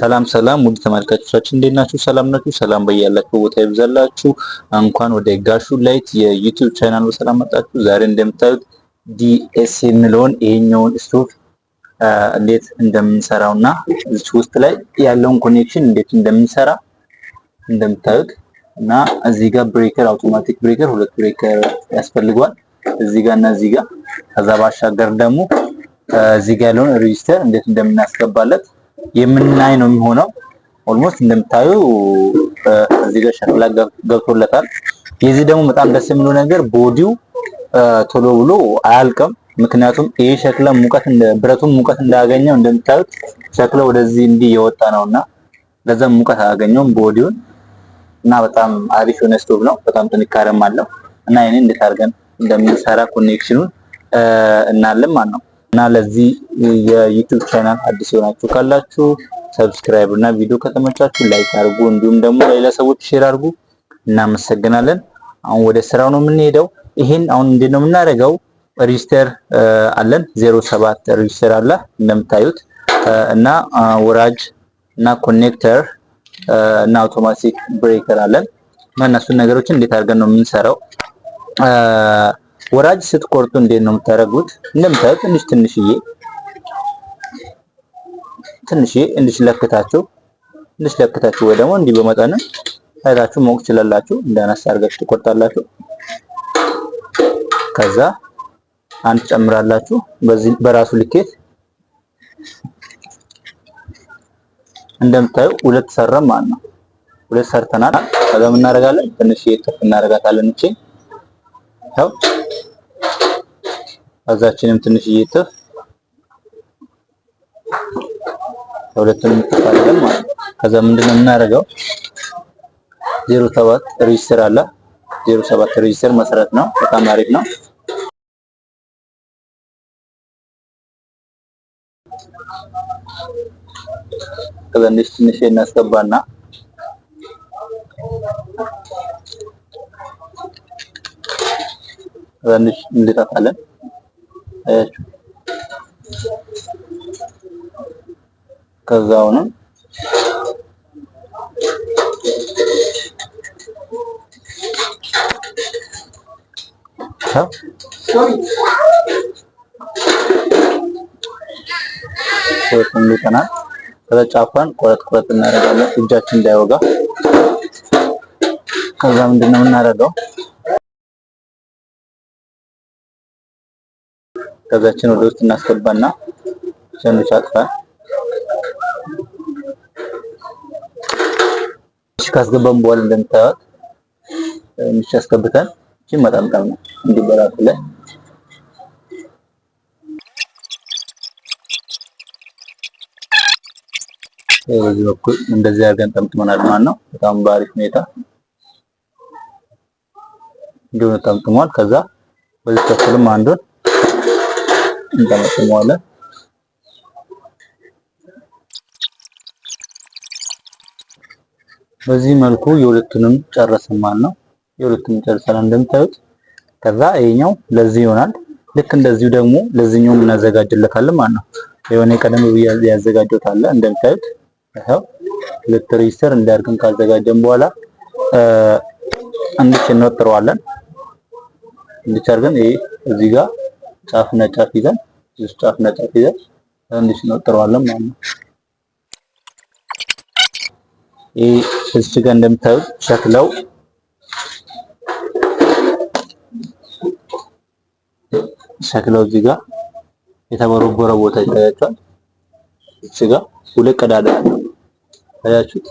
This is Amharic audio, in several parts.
ሰላም ሰላም ውድ ተመልካቾቻችን እንዴት ናችሁ? ሰላም ናችሁ? ሰላም በያላችሁ ቦታ ይብዛላችሁ። እንኳን ወደ ጋሹ ላይት የዩቲዩብ ቻናል በሰላም መጣችሁ። ዛሬ እንደምታዩት ዲኤስ የሚለውን ይሄኛውን ስቶቭ እንዴት እንደምንሰራው እና እዚህ ውስጥ ላይ ያለውን ኮኔክሽን እንዴት እንደምንሰራ እንደምታዩት እና እዚህ ጋር ብሬከር አውቶማቲክ ብሬከር ሁለት ብሬከር ያስፈልገዋል እዚህ ጋር እና እዚህ ጋር ከዛ ባሻገር ደግሞ እዚህ ጋር ያለውን ሬጂስተር እንዴት እንደምናስገባለት የምናይ ነው የሚሆነው። ኦልሞስት እንደምታዩ እዚህ ጋር ሸክላ ገብቶለታል። የዚህ ደግሞ በጣም ደስ የሚለው ነገር ቦዲው ቶሎ ብሎ አያልቅም። ምክንያቱም ይህ ሸክላ ሙቀት ብረቱን ሙቀት እንዳያገኘው እንደምታዩት ሸክላ ወደዚህ እንዲህ የወጣ ነውና ለዛም ሙቀት አያገኘውም ቦዲውን እና በጣም አሪፍ የሆነ ስቶቭ ነው። በጣም ጥንካሬም አለው እና ይህንን እንዴት አድርገን እንደምንሰራ ኮኔክሽኑን እናለን ማለት ነው። እና ለዚህ የዩቲዩብ ቻናል አዲስ የሆናችሁ ካላችሁ ሰብስክራይብ እና ቪዲዮ ከተመቻችሁ ላይክ አድርጉ፣ እንዲሁም ደግሞ ለሌላ ሰዎች ሼር አድርጉ። እናመሰግናለን። አሁን ወደ ስራው ነው የምንሄደው። ይሄን አሁን እንዴት ነው የምናደርገው? ሬጅስተር አለን፣ 07 ሬጅስተር አለ እንደምታዩት እና ወራጅ እና ኮኔክተር እና አውቶማቲክ ብሬከር አለን እና እነሱን ነገሮችን እንዴት አድርገን ነው የምንሰራው? ወራጅ ስትቆርጡ እንዴት ነው የምታደርጉት? እንደምታዩት ትንሽ ትንሽዬ ትንሽዬ እንዲህ ለክታችሁ እንዲህ ለክታችሁ ወይ ደግሞ እንዲህ በመጠንም አይታችሁ መውቅ ትችላላችሁ። እንዳነሳ አድርጋችሁ ትቆርጣላችሁ። ከዛ አንድ ጨምራላችሁ በዚህ በራሱ ልኬት እንደምታዩ ሁለት ሰራ ማለት ነው። ሁለት ሰርተናል። ከዛ ምን እናደርጋለን? ትንሽ ይተፍ እናደርጋታለን። እቺ ያው አዛችንም ትንሽ እይጥፍ ሁለቱም እንጥፋለን ማለት ከዛ ምንድነው የምናደርገው? ዜሮ ሰባት ሬጅስተር አለ። ዜሮ ሰባት ሬጅስተር መሰረት ነው። በጣም አሪፍ ነው። ከዛ እንዲህ ትንሽ እናስገባና ከዛ እንዲህ እንድጠፋለን አያችሁ። ከዛ አሁንም ልጠናል። ከዛ ጫፏን ቆረጥ ቆረጥ እናደርጋለን እጃችን እንዳይወጋ። ከዛ ምንድነው የምናደርገው? ከዛችን ወደ ውስጥ እናስገባና ዘንዶች አጥፋል። እሺ ካስገባን በኋላ እንደምታዩት ምች አስገብተን እቺ መጠምጠም ነው እንዲበላቱ ላይ በዚህ በኩል እንደዚህ አድርገን ጠምጥመናል ማለት ነው። በጣም በአሪፍ ሁኔታ እንዲሆነ ጠምጥሟል። ከዛ በዚህ ተኩልም አንዱን እንጠመጥመዋለን። በዚህ መልኩ የሁለቱንም ጨረስን ማለት ነው። የሁለቱንም ጨርሰናል እንደምታዩት። ከዛ ይሄኛው ለዚህ ይሆናል። ልክ እንደዚሁ ደግሞ ለዚህኛው እናዘጋጅለታለን ማለት ነው። የሆነ ቀደም ብዬ ያዘጋጀሁት አለ እንደምታዩት። ይኸው ሁለት ሬጅስተር እንዲያርግን ካዘጋጀን በኋላ እንድች እንወጥረዋለን። እንድች አድርገን ይሄ እዚህ ጋር ጫፍ ነጫፍ ይዛል እዚህ ጫፍ ነጫፍ ይዘን እንዲህ እንወጥረዋለን ማለት ነው። ይህ እዚህ ጋር እንደምታዩት ሸክለው ሸክለው እዚህ ጋር የተቦረቦረ ቦታ ይታያቸዋል። እዚህ ጋር ሁለት ቀዳዳ አለው ታያችሁት።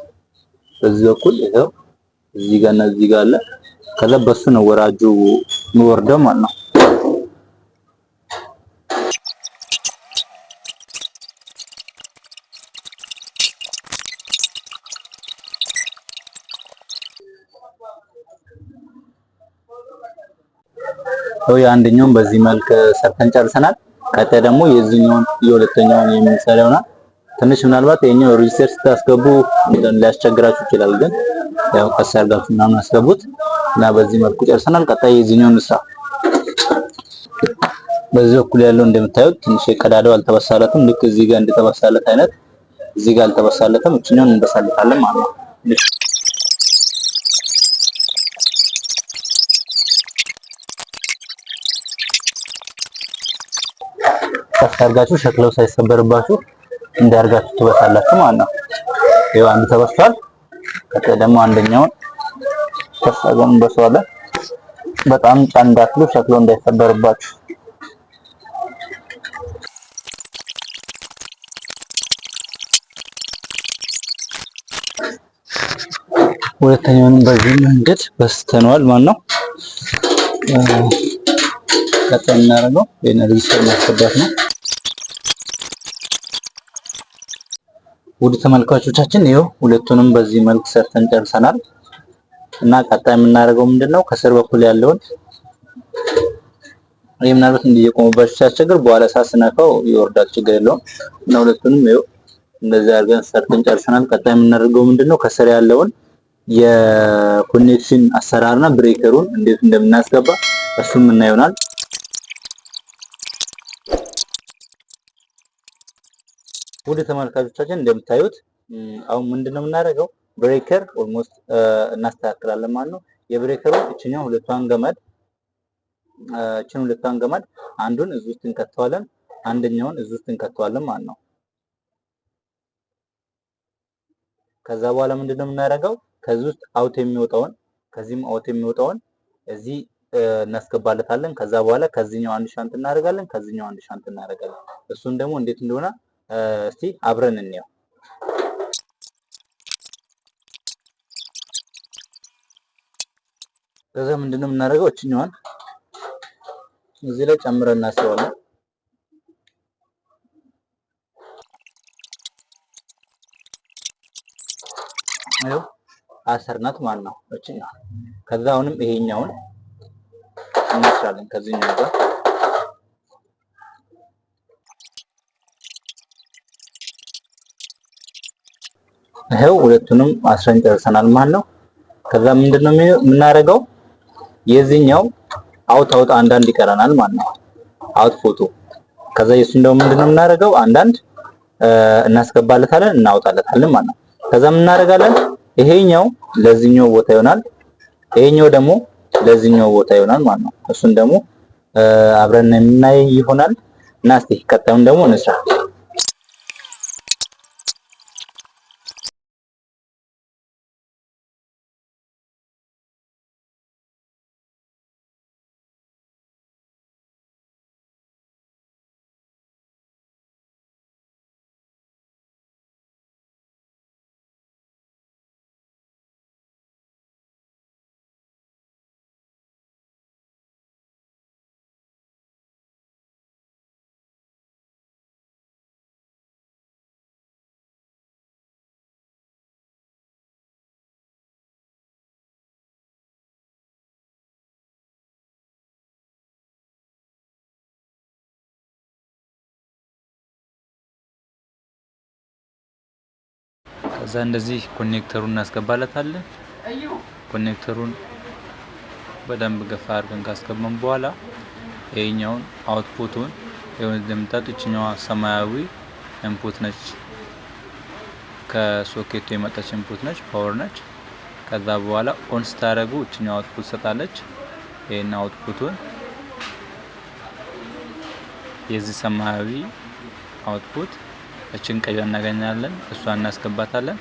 በዚህ በኩል ይኸው እዚህ ጋር እና እዚህ ጋር አለ። ከዛ በሱ ነው ወራጁ የሚወርደው ማለት ነው። ያው የአንደኛውን በዚህ መልክ ሰርተን ጨርሰናል። ቀጣይ ደግሞ የዚህኛውን የሁለተኛውን የምንሰራ ይሆናል። ትንሽ ምናልባት የኛው ሬጅስተር ስታስገቡ ሊያስቸግራችሁ ይችላል፣ ግን ያው ቀስ አድርጋችሁ ምናምን አስገቡት እና በዚህ መልኩ ጨርሰናል። ቀጣይ የዚህኛውን እንስራ። በዚህ በኩል ያለው እንደምታዩት ትንሽ የቀዳዳው አልተበሳለትም። ልክ እዚህ ጋር እንደተበሳለት አይነት እዚህ ጋር አልተበሳለትም። እችኛውን እንበሳለታለን ማለት ነው። ሰፋ አድርጋችሁ ሸክለው ሳይሰበርባችሁ እንዳርጋችሁ ትበሳላችሁ ማለት ነው። ይሄው አንድ ተበስቷል። ከዚያ ደግሞ አንደኛውን ተሳገም እንበሳዋለን። በጣም ጫን ሸክለው እንዳይሰበርባችሁ። ሁለተኛውን በዚህ መንገድ በስተነዋል ማለት ነው። ቀጣይ የምናደርገው የኤነርጂ ስር ማስገባት ነው። ውድ ተመልካቾቻችን ይኸው ሁለቱንም በዚህ መልክ ሰርተን ጨርሰናል እና ቀጣይ የምናደርገው ምንድን ነው ከስር በኩል ያለውን ይህ ምናልባት እንዲህ የቆሙባቸው ሲያስቸግር በኋላ ሳስነካው ይወርዳል፣ ችግር የለውም እና ሁለቱንም ይኸው እንደዚህ አድርገን ሰርተን ጨርሰናል። ቀጣይ የምናደርገው ምንድን ነው ከስር ያለውን የኮኔክሽን አሰራርና ብሬከሩን እንዴት እንደምናስገባ እሱም እናየሆናል። ውድ ተመልካቾቻችን እንደምታዩት አሁን ምንድነው የምናደርገው? ብሬከር ኦልሞስት እናስተካክላለን ማለት ነው። የብሬከሩ እችኛው ሁለቷን ገመድ እችን ሁለቷን ገመድ አንዱን እዚህ ውስጥ እንከተዋለን፣ አንደኛውን እዚህ ውስጥ እንከተዋለን ማለት ነው። ከዛ በኋላ ምንድነው የምናደርገው? ከዚህ ውስጥ አውት የሚወጣውን ከዚህም አውት የሚወጣውን እዚህ እናስገባለታለን። ከዛ በኋላ ከዚህኛው አንድ ሻንት እናደርጋለን፣ ከዚህኛው አንድ ሻንት እናደርጋለን። እሱን ደግሞ እንዴት እንደሆነ እስቲ አብረን እንየው። ከዛ ምንድነው የምናደርገው? እችኛዋን እዚህ ላይ ጨምረን እናስባለን። ይኸው አሰርናት ማለት ነው እችኛዋን። ከዛ አሁንም ይሄኛውን እንስራለን ከዚህኛው ጋር ይሄው ሁለቱንም አስረን ጨርሰናል ማለት ነው። ከዛ ምንድነው የምናደርገው የዚህኛው አውት አውት አንዳንድ ይቀረናል ማለት ነው። አውት ፎቶ ከዛ የሱ እንደው ምንድነው የምናደርገው አንዳንድ እናስገባለታለን እናውጣለታለን ማለት ነው። ከዛ የምናደርጋለን ይሄኛው ለዚህኛው ቦታ ይሆናል፣ ይሄኛው ደግሞ ለዚህኛው ቦታ ይሆናል ማለት ነው። እሱን ደግሞ አብረን የምናይ ይሆናል እና እስቲ ቀጣዩን ደግሞ እንስራ። ከዛ እንደዚህ ኮኔክተሩን እናስገባለታለን። ኮኔክተሩን በደንብ ገፋ አድርገን ካስገባን በኋላ ይሄኛውን አውትፑቱን የሆነ እንደምታዩት ይችኛዋ ሰማያዊ ኢንፑት ነች፣ ከሶኬቱ የመጣች ኢንፑት ነች፣ ፓወር ነች። ከዛ በኋላ ኦን ስታደርጉ እችኛው አውትፑት ሰጣለች። ይሄን አውትፑቱን የዚህ ሰማያዊ አውትፑት እችን ቀዩ እናገኛለን፣ እሷን እናስገባታለን።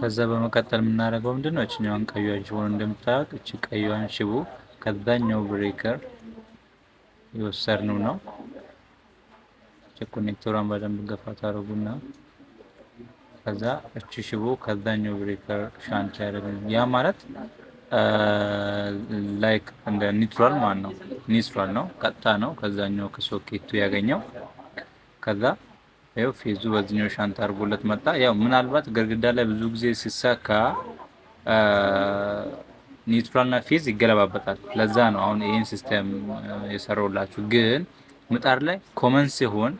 ከዛ በመቀጠል የምናደርገው ምንድን ነው? እችኛዋን ቀዩን ሽቦ እንደምታዩት እቺ ቀዩን ሽቦ ከዛኛው ብሬከር የወሰድነው ነው። የኮኔክተሯን በደንብ ገፋ ታደርጉና ከዛ እቺ ሽቦ ከዛኛው ብሬከር ሻንት ያደርግልኝ። ያ ማለት ላይክ እንደ ኒትራል ማለት ነው። ኒትራል ነው፣ ቀጥታ ነው ከዛኛው ከሶኬቱ ያገኘው። ከዛ ያው ፌዙ በዚህኛው ሻንት አድርጎለት መጣ። ያው ምናልባት ግድግዳ ላይ ብዙ ጊዜ ሲሳካ ኒውትራልና ፌዝ ይገለባበጣል። ለዛ ነው አሁን ይህን ሲስተም የሰራውላችሁ ግን ምጣድ ላይ ኮመን ሲሆን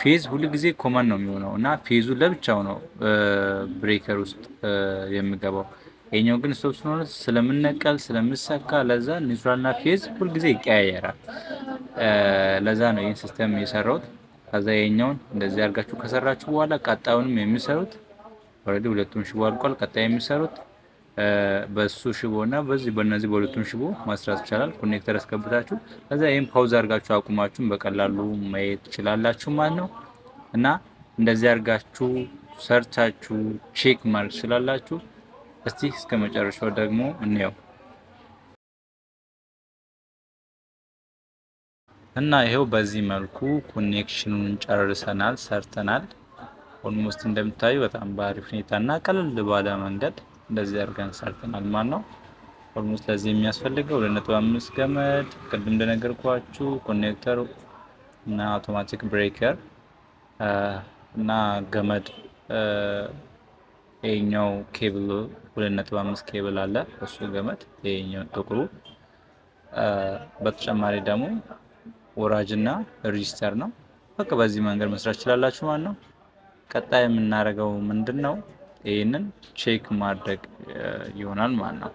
ፌዝ ጊዜ ኮመን ነው የሚሆነው እና ፌዙ ለብቻው ነው ብሬከር ውስጥ የሚገባው። ይኛው ግን ስቶፕ ስለሆነ ስለምነቀል ስለምሰካ፣ ለዛ ኒውትራልና ፌዝ ጊዜ ይቀያየራል። ለዛ ነው ይህን ሲስተም የሰራሁት። ከዛ የኛውን እንደዚህ አድርጋችሁ ከሰራችሁ በኋላ ቀጣዩንም የሚሰሩት ኦልሬዲ ሁለቱም ሽቦ አልቋል። ቀጣይ የሚሰሩት በሱ ሽቦ እና በዚህ በእነዚህ በሁለቱም ሽቦ ማስራት ይቻላል። ኮኔክተር ያስገብታችሁ ከዚያ ይህም ፓውዝ አድርጋችሁ አቁማችሁን በቀላሉ ማየት ትችላላችሁ ማለት ነው እና እንደዚህ አድርጋችሁ ሰርቻችሁ ቼክ ማድረግ ትችላላችሁ። እስቲ እስከ መጨረሻው ደግሞ እንየው እና ይሄው በዚህ መልኩ ኮኔክሽኑን ጨርሰናል፣ ሰርተናል። ኦልሞስት እንደምታዩ በጣም በአሪፍ ሁኔታ እና ቀለል ባለ መንገድ እንደዚህ አድርገን ሰርተናል ማለት ነው። ኦልሞስት ለዚህ የሚያስፈልገው ለነጥብ አምስት ገመድ፣ ቅድም እንደነገርኳችሁ ኮኔክተር እና አውቶማቲክ ብሬከር እና ገመድ ይሄኛው ኬብል አምስት ኬብል አለ። እሱ ገመድ ይሄኛው ጥቁሩ። በተጨማሪ ደግሞ ወራጅ እና ሬጂስተር ነው። በቃ በዚህ መንገድ መስራት ይችላላችሁ ማለት ነው። ቀጣይ የምናደርገው ምንድን ነው? ይህንን ቼክ ማድረግ ይሆናል ማለት ነው።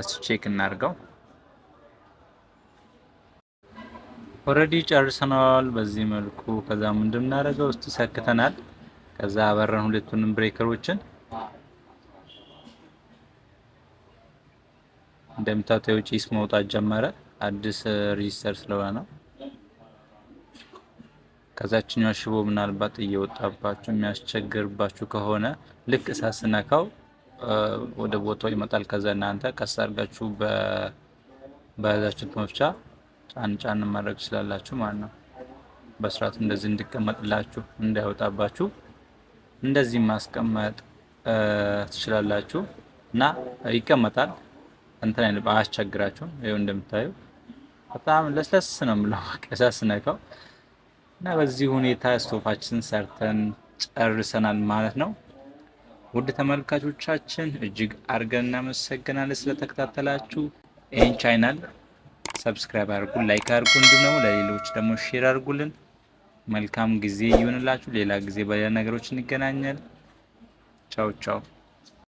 እሱ ቼክ እናድርገው። ኦልሬዲ ጨርሰናል በዚህ መልኩ። ከዛ ምንድን እናደርገው እስቲ ሰክተናል። ከዛ አበረን ሁለቱንም ብሬከሮችን እንደምታዩት የውጭ ጭስ መውጣት ጀመረ። አዲስ ሪጅስተር ስለሆነ ነው። ከዛችኛው ሽቦ ምናልባት እየወጣባችሁ የሚያስቸግርባችሁ ከሆነ ልክ እሳት ስነካው ወደ ቦታው ይመጣል። ከዛ እናንተ ቀስ አድርጋችሁ በያዛችሁት መፍቻ ጫን ጫን ማድረግ ይችላላችሁ ማለት ነው። በስርዓት እንደዚህ እንዲቀመጥላችሁ እንዳይወጣባችሁ እንደዚህ ማስቀመጥ ትችላላችሁ እና ይቀመጣል። እንትን አይነት አያስቸግራችሁም። ይኸው እንደምታዩ በጣም ለስለስ ነው የምለው እሳት እና በዚህ ሁኔታ ስቶፋችን ሰርተን ጨርሰናል ማለት ነው። ውድ ተመልካቾቻችን እጅግ አድርገን እናመሰግናለን ስለተከታተላችሁ። ይህን ቻናል ሰብስክራይብ አድርጉን፣ ላይክ አድርጉ፣ እንዲሁ ደግሞ ለሌሎች ደግሞ ሼር አድርጉልን። መልካም ጊዜ ይሁንላችሁ። ሌላ ጊዜ በሌላ ነገሮች እንገናኛል። ቻው ቻው።